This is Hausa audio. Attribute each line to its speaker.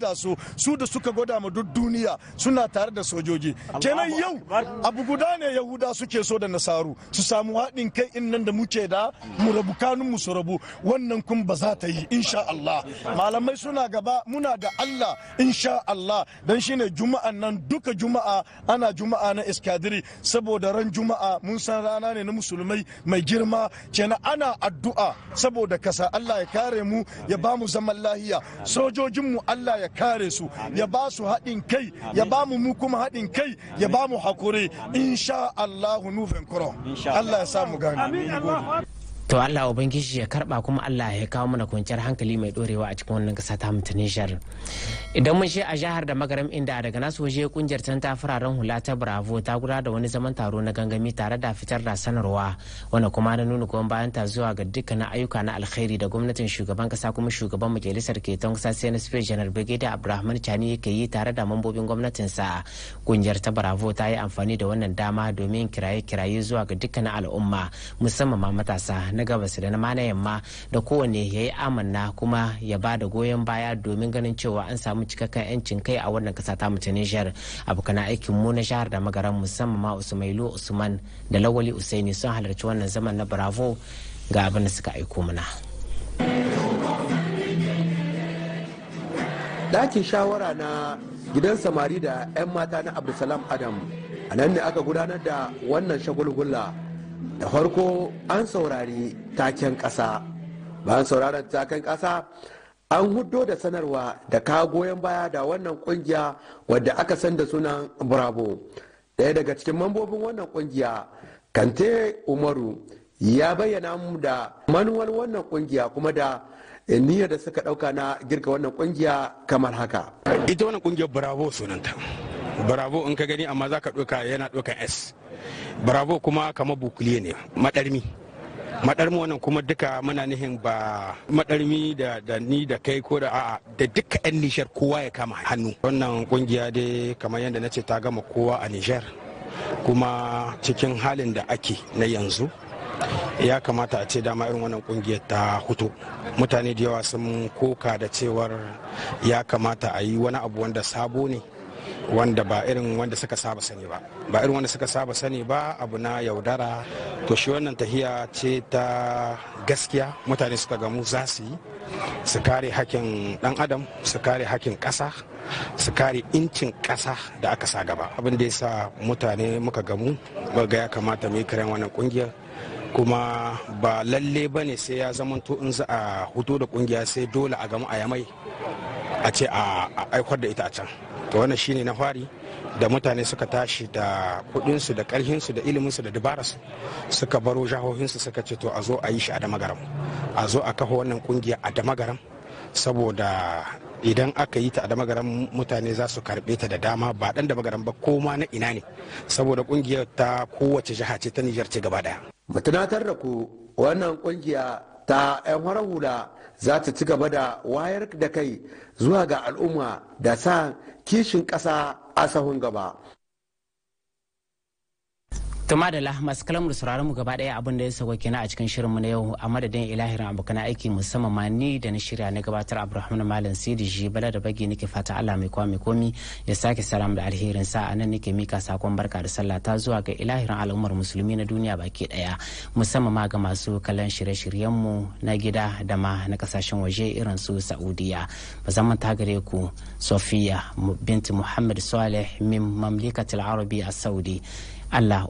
Speaker 1: da su su
Speaker 2: da suka gwada ma duk duniya suna tare da sojoji kenan yau abu guda ne yahuda suke so da nasaru su samu haɗin kai in nan da muke da mu rabu kanun mu su rabu wannan kun ba za ta yi insha Allah malamai suna gaba muna da Allah insha Allah dan shine juma'an nan duka juma'a ana juma'a na iskadiri saboda ran juma'a mun san rana ne na musulmai mai girma kenan ana addu'a saboda kasa Allah ya kare mu ya ba mu zaman lahiya sojojin mu Allah ya kare su ya ba su haɗin kai ya ba mu mu kuma haɗin kai ya ba mu hakuri insha Allah nufin kuro Allah ya sa mu gani
Speaker 1: to Allah ubangiji ya karba kuma Allah ya kawo mana kwanciyar hankali mai dorewa a cikin wannan kasa ta mu idan mun shi a jihar da magaram inda daga nasu waje kungiyar ta fararen hula ta Bravo ta gudanar da wani zaman taro na gangami tare da fitar da sanarwa wanda kuma na nuna goyon bayan ta zuwa ga dukkan ayyuka na alkhairi da gwamnatin shugaban kasa kuma shugaban majalisar keton kasa CNSP General Brigadier Abdulrahman Chani yake yi tare da mambobin sa kungiyar ta Bravo ta yi amfani da wannan dama domin kiraye-kiraye zuwa ga dukkan al'umma musamman ma matasa na gabas da na yamma da kowane ya yi amanna kuma ya ba da goyon baya domin ganin cewa an samu cikakken 'yancin kai a wannan kasa ta mu tunishiyar abokan aikin mu na jihar da magaran musamman ma usmailu usman da lawali usaini sun halarci wannan zaman na bravo ga abin da suka aiko mana.
Speaker 3: Dakin shawara na gidan samari da 'yan mata na Abdulsalam Adam a nan ne aka gudanar da wannan shagulgula da farko an saurari taken ƙasa bayan sauraron taken ƙasa an hudo da sanarwa da ka goyon baya da wannan kungiya wadda aka san da sunan bravo ɗaya daga cikin mambobin wannan kungiya kante umaru ya bayyana mu da manuwar wannan kungiya kuma da niyyar da suka ɗauka na girka wannan kungiya kamar haka ita wannan kungiyar bravo sunanta bravo in
Speaker 4: ka gani amma za ka ɗauka yana ɗauka s bravo kuma kama bukuliye ne madarmi madarmi wannan kuma duka muna nihin ba madarmi da da ni da kai ko da a'a da duka yan nishar kowa ya kama hannu wannan kungiya dai kamar yadda na ce ta gama kowa a nijar kuma cikin halin da ake na yanzu ya kamata a ce dama irin wannan kungiyar ta hutu mutane da yawa sun koka da cewar ya kamata a yi wani abu wanda sabo ne wanda ba irin wanda suka saba sani ba ba irin wanda suka saba sani ba abu na yaudara to shi wannan tahiya ce ta gaskiya mutane suka gamu za su yi su kare hakin dan adam su kare hakin kasa su kare incin kasa da aka sa gaba abin da ya sa mutane muka gamu ga ya kamata mu yi kiran wannan kungiyar kuma ba lalle ba ne sai ya zamanto in za a hutu da kungiya sai dole a gamu a yamai a ce a aikwar da ita a can to wannan shine na fari da mutane suka tashi da kudinsu da karhinsu da iliminsu da dabararsu suka baro jahohinsu suka ce to a zo a yi shi a damagaram a zo a kafa wannan kungiya a damagaram saboda idan aka yi ta a damagaran mutane za su karbe ta da dama ba dan garam ba ko ma na ina ne saboda kungiyar ta kowace jiha ce ta Nijar ce gaba daya. Mu
Speaker 3: tunatar da ku wannan kungiya ta 'yan warar hula za ta ci gaba da wayar da kai zuwa ga al'umma da sa kishin ƙasa a sahun gaba
Speaker 1: tuma da lahmas kalamar sauraron mu gaba daya abin da ya sauka kenan a cikin shirin mu na yau a madadin ilahirin abokan aiki musamman ma ni da na shirya na gabatar abraham malam sidi shi bala da bagi nake fata allah mai kwa mai komi ya sake salam da alherin sa a nan nake mika sakon barka da sallah ta zuwa ga ilahirin al'ummar musulmi na duniya baki daya musamman ma ga masu kallon shirye-shiryen mu na gida da ma na kasashen waje irin su saudiya musamman ta gare ku sofiya binti muhammad saleh min mamlikatul arabi a saudi allah